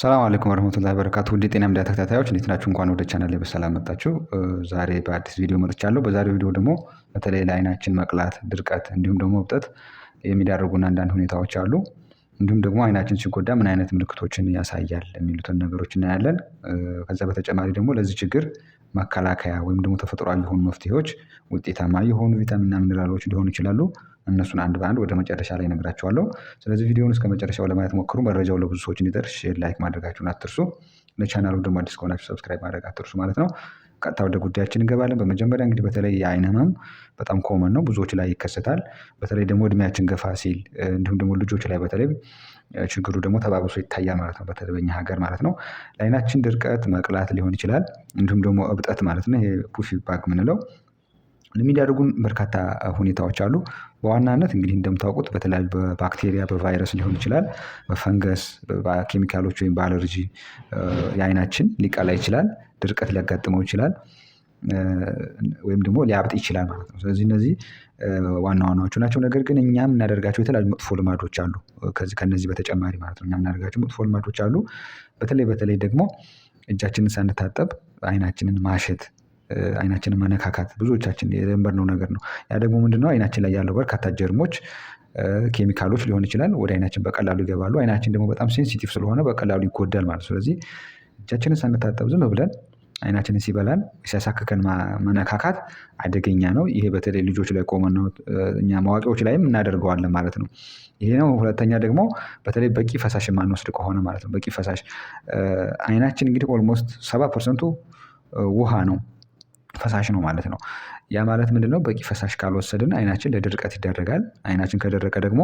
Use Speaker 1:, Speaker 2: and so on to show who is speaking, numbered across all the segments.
Speaker 1: ሰላም አለይኩም ወረህመቱላሂ በረካቱ ውድ የጤና ሚዲያ ተከታታዮች እንዴት ናችሁ? እንኳን ወደ ቻናል በሰላም መጣችሁ። ዛሬ በአዲስ ቪዲዮ መጥቻለሁ። በዛሬው ቪዲዮ ደግሞ በተለይ ለአይናችን መቅላት፣ ድርቀት እንዲሁም ደግሞ እብጠት የሚዳርጉና አንዳንድ ሁኔታዎች አሉ። እንዲሁም ደግሞ አይናችን ሲጎዳ ምን አይነት ምልክቶችን ያሳያል የሚሉትን ነገሮች እናያለን። ከዛ በተጨማሪ ደግሞ ለዚህ ችግር መከላከያ ወይም ደግሞ ተፈጥሯዊ የሆኑ መፍትሄዎች፣ ውጤታማ የሆኑ ቪታሚንና ሚነራሎች ሊሆኑ ይችላሉ እነሱን አንድ በአንድ ወደ መጨረሻ ላይ ነግራቸዋለሁ ስለዚህ ቪዲዮውን እስከ መጨረሻው ለማየት ሞክሩ። መረጃው ለብዙ ሰዎች እንዲደርስ ላይክ ማድረጋችሁን አትርሱ። ለቻናሉ ደግሞ አዲስ ከሆናችሁ ሰብስክራይብ ማድረግ አትርሱ ማለት ነው። ቀጥታ ወደ ጉዳያችን እንገባለን። በመጀመሪያ እንግዲህ በተለይ የአይን ህመም በጣም ኮመን ነው፣ ብዙዎች ላይ ይከሰታል። በተለይ ደግሞ እድሜያችን ገፋ ሲል እንዲሁም ደግሞ ልጆች ላይ በተለይ ችግሩ ደግሞ ተባብሶ ይታያል ማለት ነው። በተለይ በኛ ሀገር ማለት ነው። ለአይናችን ድርቀት መቅላት ሊሆን ይችላል፣ እንዲሁም ደግሞ እብጠት ማለት ነው። ይሄ ፑፊ ባግ ምንለው የሚዳርጉን በርካታ ሁኔታዎች አሉ። በዋናነት እንግዲህ እንደምታውቁት በተለያዩ በባክቴሪያ በቫይረስ ሊሆን ይችላል፣ በፈንገስ፣ በኬሚካሎች ወይም በአለርጂ የአይናችን ሊቀላ ይችላል፣ ድርቀት ሊያጋጥመው ይችላል ወይም ደግሞ ሊያብጥ ይችላል ማለት ነው። ስለዚህ እነዚህ ዋና ዋናዎቹ ናቸው። ነገር ግን እኛ የምናደርጋቸው የተለያዩ መጥፎ ልማዶች አሉ። ከዚህ ከነዚህ በተጨማሪ ማለት ነው እኛ የምናደርጋቸው መጥፎ ልማዶች አሉ። በተለይ በተለይ ደግሞ እጃችንን ሳንታጠብ አይናችንን ማሸት አይናችንን መነካካት ብዙዎቻችን የለመድነው ነገር ነው። ያ ደግሞ ምንድነው አይናችን ላይ ያለው በርካታ ጀርሞች ኬሚካሎች ሊሆን ይችላል ወደ አይናችን በቀላሉ ይገባሉ። አይናችን ደግሞ በጣም ሴንሲቲቭ ስለሆነ በቀላሉ ይጎዳል ማለት ስለዚህ እጃችንን ሳንታጠብ ዝም ብለን አይናችንን ሲበላን ሲያሳክከን መነካካት አደገኛ ነው። ይሄ በተለይ ልጆች ላይ ቆመን ነው እኛ ማዋቂዎች ላይም እናደርገዋለን ማለት ነው። ይሄ ነው ሁለተኛ ደግሞ በተለይ በቂ ፈሳሽ የማንወስድ ከሆነ ማለት ነው። በቂ ፈሳሽ አይናችን እንግዲህ ኦልሞስት ሰባ ፐርሰንቱ ውሃ ነው ፈሳሽ ነው ማለት ነው። ያ ማለት ምንድን ነው? በቂ ፈሳሽ ካልወሰድን አይናችን ለድርቀት ይደረጋል አይናችን ከደረቀ ደግሞ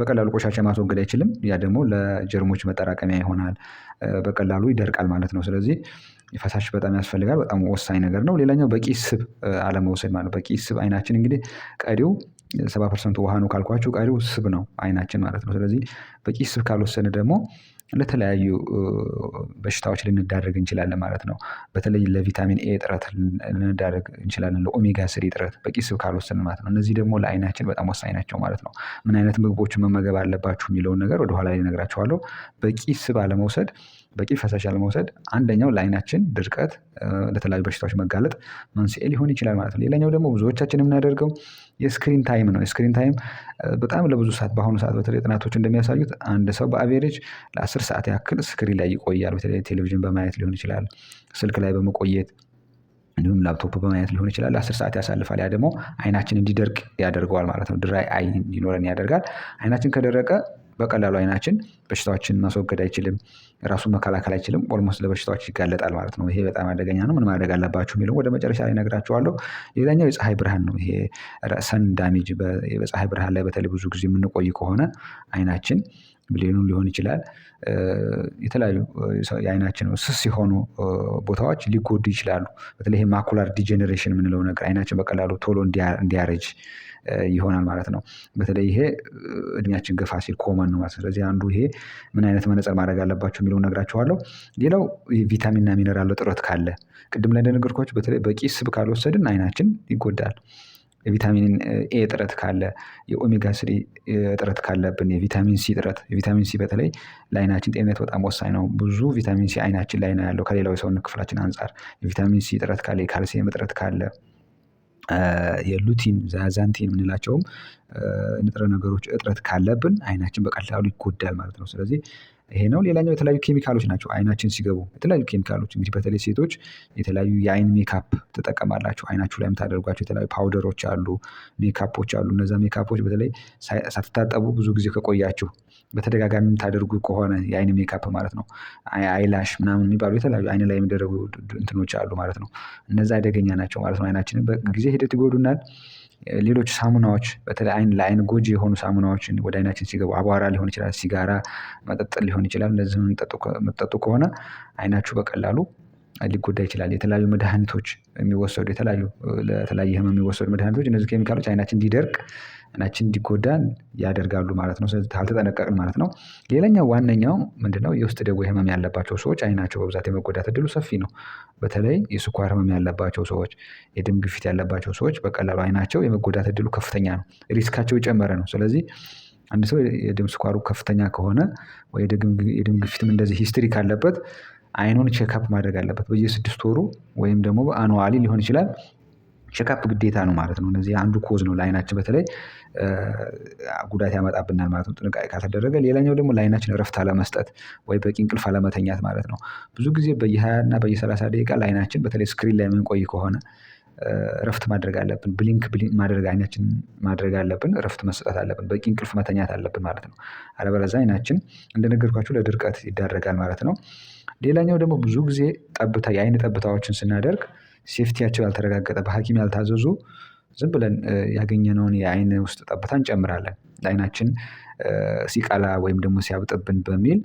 Speaker 1: በቀላሉ ቆሻሻ ማስወገድ አይችልም። ያ ደግሞ ለጀርሞች መጠራቀሚያ ይሆናል። በቀላሉ ይደርቃል ማለት ነው። ስለዚህ ፈሳሽ በጣም ያስፈልጋል። በጣም ወሳኝ ነገር ነው። ሌላኛው በቂ ስብ አለመውሰድ ማለት በቂ ስብ አይናችን እንግዲህ ቀዲው ሰባ ፐርሰንቱ ውሃ ነው ካልኳችሁ ቀሪው ስብ ነው አይናችን ማለት ነው። ስለዚህ በቂ ስብ ካልወሰድን ደግሞ ለተለያዩ በሽታዎች ልንዳረግ እንችላለን ማለት ነው። በተለይ ለቪታሚን ኤ ጥረት ልንዳረግ እንችላለን ለኦሜጋ ስሪ ጥረት በቂ ስብ ካልወሰን ማለት ነው። እነዚህ ደግሞ ለአይናችን በጣም ወሳኝ ናቸው ማለት ነው። ምን አይነት ምግቦችን መመገብ አለባችሁ የሚለውን ነገር ወደኋላ ላይ እነግራችኋለሁ። በቂ ስብ አለመውሰድ በቂ ፈሳሽ አለመውሰድ አንደኛው ለአይናችን ድርቀት ለተለያዩ በሽታዎች መጋለጥ መንስኤ ሊሆን ይችላል ማለት ነው። ሌላኛው ደግሞ ብዙዎቻችን የምናደርገው የስክሪን ታይም ነው። የስክሪን ታይም በጣም ለብዙ ሰዓት በአሁኑ ሰዓት በተለይ ጥናቶች እንደሚያሳዩት አንድ ሰው በአቬሬጅ ለአስር ሰዓት ያክል ስክሪን ላይ ይቆያል። በተለይ ቴሌቪዥን በማየት ሊሆን ይችላል፣ ስልክ ላይ በመቆየት እንዲሁም ላፕቶፕ በማየት ሊሆን ይችላል አስር ሰዓት ያሳልፋል። ያ ደግሞ አይናችን እንዲደርቅ ያደርገዋል ማለት ነው። ድራይ አይ እንዲኖረን ያደርጋል። አይናችን ከደረቀ በቀላሉ አይናችን በሽታዎችን ማስወገድ አይችልም፣ ራሱን መከላከል አይችልም። ኦልሞስት ለበሽታዎች ይጋለጣል ማለት ነው። ይሄ በጣም አደገኛ ነው። ምን ማድረግ አለባችሁ የሚለው ወደ መጨረሻ ላይ እነግራችኋለሁ። ሌላኛው የፀሐይ ብርሃን ነው። ይሄ ሰን ዳሜጅ በፀሐይ ብርሃን ላይ በተለይ ብዙ ጊዜ የምንቆይ ከሆነ አይናችን ብሌኑ ሊሆን ይችላል። የተለያዩ የአይናችን ስስ የሆኑ ቦታዎች ሊጎዱ ይችላሉ። በተለይ ማኩላር ዲጀኔሬሽን የምንለው ነገር አይናችን በቀላሉ ቶሎ እንዲያረጅ ይሆናል ማለት ነው። በተለይ ይሄ እድሜያችን ገፋ ሲል ኮመን ነው ማለት ነው። ስለዚህ አንዱ ይሄ ምን አይነት መነፅር ማድረግ አለባቸው የሚለውን እነግራችኋለሁ። ሌላው ቪታሚንና ሚነራል እጥረት ካለ ቅድም ላይ እንደነገርኳችሁ በተለይ በቂ ስብ ካልወሰድን አይናችን ይጎዳል። የቪታሚን ኤ እጥረት ካለ፣ የኦሜጋ ስሪ እጥረት ካለብን፣ የቪታሚን ሲ እጥረት የቪታሚን ሲ በተለይ ለአይናችን ጤንነት በጣም ወሳኝ ነው። ብዙ ቪታሚን ሲ አይናችን ላይ ነው ያለው ከሌላው የሰውነት ክፍላችን አንጻር። የቪታሚን ሲ እጥረት ካለ፣ የካልሲየም እጥረት ካለ የሉቲን ዛዛንቲን የምንላቸውም ንጥረ ነገሮች እጥረት ካለብን አይናችን በቀላሉ ይጎዳል ማለት ነው። ስለዚህ ይሄ ነው። ሌላኛው የተለያዩ ኬሚካሎች ናቸው። አይናችን ሲገቡ የተለያዩ ኬሚካሎች እንግዲህ በተለይ ሴቶች የተለያዩ የአይን ሜካፕ ትጠቀማላችሁ። አይናችሁ ላይ የምታደርጓቸው የተለያዩ ፓውደሮች አሉ፣ ሜካፖች አሉ። እነዛ ሜካፖች በተለይ ሳትታጠቡ ብዙ ጊዜ ከቆያችሁ በተደጋጋሚ የምታደርጉ ከሆነ የአይን ሜካፕ ማለት ነው። አይላሽ ምናምን የሚባሉ የተለያዩ አይን ላይ የሚደረጉ እንትኖች አሉ ማለት ነው። እነዛ አደገኛ ናቸው ማለት ነው። አይናችንን በጊዜ ሂደት ይጎዱናል። ሌሎች ሳሙናዎች በተለይ አይን ለአይን ጎጂ የሆኑ ሳሙናዎችን ወደ አይናችን ሲገቡ አቧራ ሊሆን ይችላል ሲጋራ መጠጥ ሊሆን ይችላል እነዚህ የምጠጡ ከሆነ አይናችሁ በቀላሉ ሊጎዳ ይችላል። የተለያዩ መድኃኒቶች የሚወሰዱ የተለያዩ ለተለያየ ህመም የሚወሰዱ መድኃኒቶች እነዚህ ኬሚካሎች አይናችን እንዲደርቅ አይናችን እንዲጎዳን ያደርጋሉ ማለት ነው። ስለዚህ ካልተጠነቀቅን ማለት ነው። ሌላኛው ዋነኛው ምንድነው? የውስጥ ደዌ ህመም ያለባቸው ሰዎች አይናቸው በብዛት የመጎዳት እድሉ ሰፊ ነው። በተለይ የስኳር ህመም ያለባቸው ሰዎች የደም ግፊት ያለባቸው ሰዎች በቀላሉ አይናቸው የመጎዳት እድሉ ከፍተኛ ነው ሪስካቸው የጨመረ ነው። ስለዚህ አንድ ሰው የደም ስኳሩ ከፍተኛ ከሆነ ወይ የደም ግፊትም እንደዚህ ሂስትሪ ካለበት አይኑን ቼክአፕ ማድረግ አለበት። በየስድስት ወሩ ወይም ደግሞ አኑዋሊ ሊሆን ይችላል ቼክአፕ ግዴታ ነው ማለት ነው። እነዚህ አንዱ ኮዝ ነው ለአይናችን በተለይ ጉዳት ያመጣብናል ማለት ነው። ጥንቃቄ ካልተደረገ ሌላኛው ደግሞ ለአይናችን እረፍት አለመስጠት ወይ በቂ እንቅልፍ አለመተኛት ማለት ነው። ብዙ ጊዜ በየሃያ እና በየሰላሳ ደቂቃ ለአይናችን በተለይ ስክሪን ላይ የምንቆይ ከሆነ እረፍት ማድረግ አለብን። ብሊንክ ብሊንክ ማድረግ አይናችን ማድረግ አለብን እረፍት መስጠት አለብን በቂ እንቅልፍ መተኛት አለብን ማለት ነው። አለበለዛ አይናችን እንደነገርኳችሁ ለድርቀት ይዳረጋል ማለት ነው ሌላኛው ደግሞ ብዙ ጊዜ ጠብታ የአይን ጠብታዎችን ስናደርግ ሴፍቲያቸው ያልተረጋገጠ በሐኪም ያልታዘዙ ዝም ብለን ያገኘነውን የአይን ውስጥ ጠብታ እንጨምራለን። ለአይናችን ሲቀላ ወይም ደግሞ ሲያብጥብን በሚል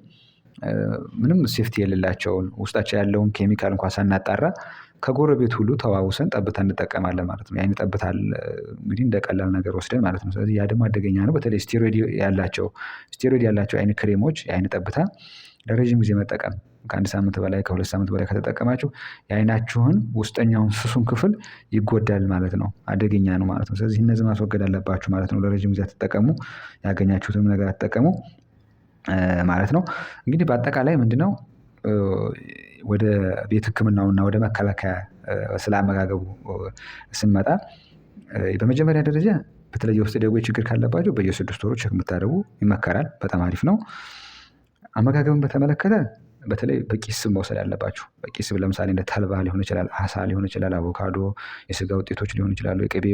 Speaker 1: ምንም ሴፍቲ የሌላቸውን ውስጣቸው ያለውን ኬሚካል እንኳ ሳናጣራ ከጎረቤት ሁሉ ተዋውሰን ጠብታ እንጠቀማለን ማለት ነው። የአይን ጠብታል እንግዲህ እንደ ቀላል ነገር ወስደን ማለት ነው። ስለዚህ ያ ደግሞ አደገኛ ነው። በተለይ ስቴሮይድ ያላቸው ስቴሮይድ ያላቸው አይን ክሬሞች የአይን ጠብታ ለረዥም ጊዜ መጠቀም ከአንድ ሳምንት በላይ ከሁለት ሳምንት በላይ ከተጠቀማችሁ የአይናችሁን ውስጠኛውን ስሱን ክፍል ይጎዳል ማለት ነው። አደገኛ ነው ማለት ነው። ስለዚህ እነዚህ ማስወገድ አለባችሁ ማለት ነው። ለረጅም ጊዜ አትጠቀሙ፣ ያገኛችሁትንም ነገር አትጠቀሙ ማለት ነው። እንግዲህ በአጠቃላይ ምንድነው ወደ ቤት ሕክምናውና ወደ መከላከያ ስለ አመጋገቡ ስንመጣ በመጀመሪያ ደረጃ በተለይ የውስጥ ደዌ ችግር ካለባቸው በየስድስት ወሮች ቼክ ይመከራል። በጣም አሪፍ ነው። አመጋገብን በተመለከተ በተለይ በቂ ስብ መውሰድ አለባችሁ። በቂ ስብ ለምሳሌ እንደ ተልባ ሊሆን ይችላል፣ አሳ ሊሆን ይችላል፣ አቮካዶ፣ የስጋ ውጤቶች ሊሆን ይችላሉ፣ የቅቤ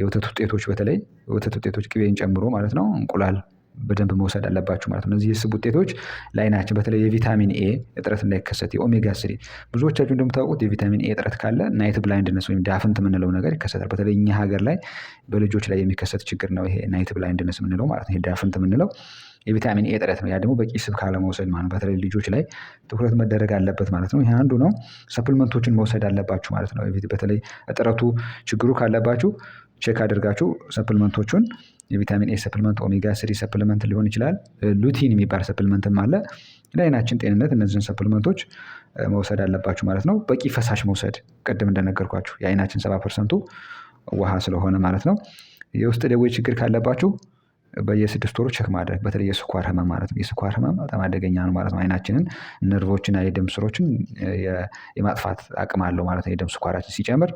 Speaker 1: የወተት ውጤቶች፣ በተለይ የወተት ውጤቶች ቅቤን ጨምሮ ማለት ነው እንቁላል በደንብ መውሰድ አለባችሁ ማለት ነው። እነዚህ የስብ ውጤቶች ለአይናችን በተለይ የቪታሚን ኤ እጥረት እንዳይከሰት የኦሜጋ ስሪ ብዙዎቻችሁ እንደምታውቁት የቪታሚን ኤ እጥረት ካለ ናይት ብላይንድነስ ወይም ዳፍንት የምንለው ነገር ይከሰታል። በተለይ እኛ ሀገር ላይ በልጆች ላይ የሚከሰት ችግር ነው ይሄ ናይት ብላይንድነስ የምንለው ማለት ነው። ይሄ ዳፍንት የምንለው የቪታሚን ኤ እጥረት ነው። ያ ደግሞ በቂ ስብ ካለመውሰድ ማለት በተለይ ልጆች ላይ ትኩረት መደረግ አለበት ማለት ነው። ይህ አንዱ ነው። ሰፕልመንቶችን መውሰድ አለባችሁ ማለት ነው። በተለይ እጥረቱ ችግሩ ካለባችሁ ቼክ አድርጋችሁ ሰፕልመንቶቹን የቪታሚን ኤ ሰፕልመንት፣ ኦሜጋ ስሪ ሰፕልመንት ሊሆን ይችላል። ሉቲን የሚባል ሰፕልመንትም አለ። ለአይናችን ጤንነት እነዚህን ሰፕልመንቶች መውሰድ አለባችሁ ማለት ነው። በቂ ፈሳሽ መውሰድ፣ ቅድም እንደነገርኳችሁ የአይናችን ሰባ ፐርሰንቱ ውሃ ስለሆነ ማለት ነው። የውስጥ ደዌ ችግር ካለባችሁ በየስድስት ወሩ ቸክ ማድረግ በተለይ የስኳር ህመም ማለት ነው። የስኳር ህመም በጣም አደገኛ ነው ማለት ነው። አይናችንን፣ ነርቮችና የደም ስሮችን የማጥፋት አቅም አለው ማለት ነው። የደም ስኳራችን ሲጨምር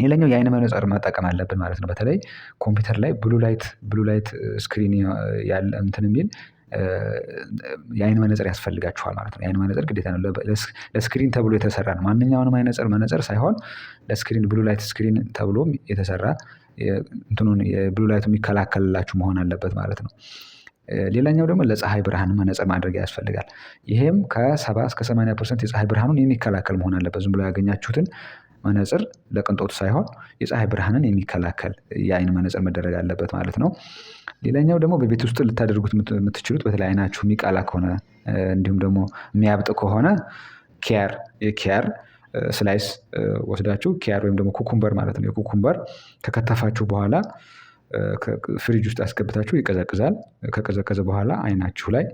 Speaker 1: ሌላኛው የአይን መነጽር መጠቀም አለብን ማለት ነው። በተለይ ኮምፒውተር ላይ ብሉ ላይት ብሉ ላይት ስክሪን ያለ እንትን የሚል የአይን መነጽር ያስፈልጋችኋል ማለት ነው። የአይን መነጽር ግዴታ ነው። ለስክሪን ተብሎ የተሰራ ነው። ማንኛውንም አይነጽር መነጽር ሳይሆን ለስክሪን ብሉ ላይት ስክሪን ተብሎም የተሰራ እንትኑን የብሉ ላይቱ የሚከላከልላችሁ መሆን አለበት ማለት ነው። ሌላኛው ደግሞ ለፀሐይ ብርሃን መነጽር ማድረግ ያስፈልጋል። ይሄም ከሰባ እስከ ሰማንያ ፐርሰንት የፀሐይ ብርሃኑን የሚከላከል መሆን አለበት። ዝም ብሎ ያገኛችሁትን መነፅር ለቅንጦቱ ሳይሆን የፀሐይ ብርሃንን የሚከላከል የአይን መነፅር መደረግ አለበት ማለት ነው። ሌላኛው ደግሞ በቤት ውስጥ ልታደርጉት የምትችሉት በተለይ አይናችሁ የሚቃላ ከሆነ እንዲሁም ደግሞ የሚያብጥ ከሆነ ኪያር የኪያር ስላይስ ወስዳችሁ ኪያር ወይም ደግሞ ኩኩምበር ማለት ነው የኩኩምበር ከከተፋችሁ በኋላ ፍሪጅ ውስጥ አስገብታችሁ ይቀዘቅዛል። ከቀዘቀዘ በኋላ አይናችሁ ላይ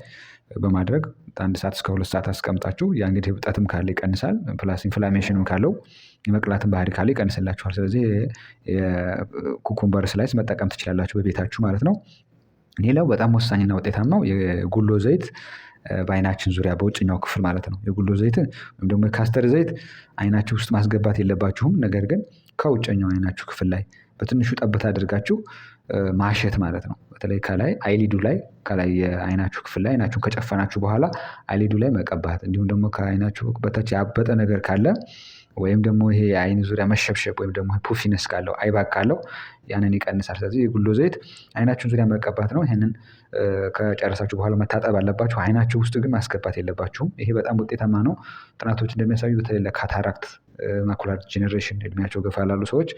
Speaker 1: በማድረግ አንድ ሰዓት እስከ ሁለት ሰዓት አስቀምጣችሁ ያ እንግዲህ እብጠትም ካለ ይቀንሳል። ፕላስ ኢንፍላሜሽንም ካለው የመቅላትን ባህሪ ካለ ይቀንስላችኋል። ስለዚህ የኩኩምበር ስላይስ መጠቀም ትችላላችሁ በቤታችሁ ማለት ነው። ሌላው በጣም ወሳኝና ውጤታማው የጉሎ ዘይት በአይናችን ዙሪያ በውጭኛው ክፍል ማለት ነው። የጉሎ ዘይት ወይም ደግሞ የካስተር ዘይት አይናችሁ ውስጥ ማስገባት የለባችሁም። ነገር ግን ከውጭኛው አይናችሁ ክፍል ላይ በትንሹ ጠበት አድርጋችሁ ማሸት ማለት ነው። በተለይ ከላይ አይሊዱ ላይ ከላይ የአይናችሁ ክፍል ላይ አይናችሁን ከጨፈናችሁ በኋላ አይሊዱ ላይ መቀባት፣ እንዲሁም ደግሞ ከአይናችሁ በታች ያበጠ ነገር ካለ ወይም ደግሞ ይሄ የአይን ዙሪያ መሸብሸብ ወይም ደግሞ ፑፊነስ ካለው አይባክ ካለው ያንን ይቀንሳል። ስለዚህ የጉሎ ዘይት አይናችሁን ዙሪያ መቀባት ነው። ይህንን ከጨረሳችሁ በኋላ መታጠብ አለባችሁ። አይናችሁ ውስጥ ግን ማስገባት የለባችሁም። ይሄ በጣም ውጤታማ ነው። ጥናቶች እንደሚያሳዩ በተለይ ለካታራክት ማኩላር ጄኔሬሽን እድሜያቸው ገፋ ላሉ ሰዎች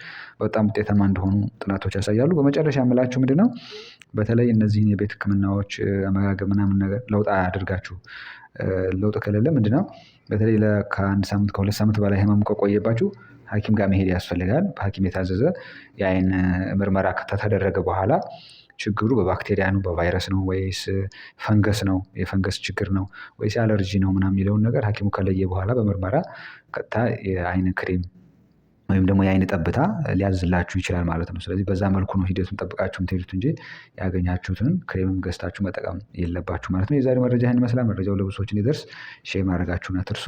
Speaker 1: በጣም ውጤታማ እንደሆኑ ጥናቶች ያሳያሉ። በመጨረሻ የምላችሁ ምንድነው በተለይ እነዚህን የቤት ህክምናዎች አመጋገብ ምናምን ነገር ለውጥ አድርጋችሁ ለውጥ ከሌለ ምንድነው በተለይ ከአንድ ሳምንት ከሁለት ሳምንት በላይ ህመሙ ከቆየባችሁ ሐኪም ጋር መሄድ ያስፈልጋል። በሐኪም የታዘዘ የአይን ምርመራ ከተደረገ በኋላ ችግሩ በባክቴሪያ ነው፣ በቫይረስ ነው ወይስ ፈንገስ ነው፣ የፈንገስ ችግር ነው ወይስ የአለርጂ ነው ምናምን የሚለውን ነገር ሐኪሙ ከለየ በኋላ በምርመራ ቀጥታ የአይን ክሬም ወይም ደግሞ የአይን ጠብታ ሊያዝላችሁ ይችላል ማለት ነው። ስለዚህ በዛ መልኩ ነው ሂደቱን ጠብቃችሁ ትሄዱት እንጂ ያገኛችሁትን ክሬምም ገዝታችሁ መጠቀም የለባችሁ ማለት ነው። የዛሬ መረጃ ይህን ይመስላል። መረጃው ለብዙ እንዲደርስ ሼር ማድረጋችሁን አትርሱ።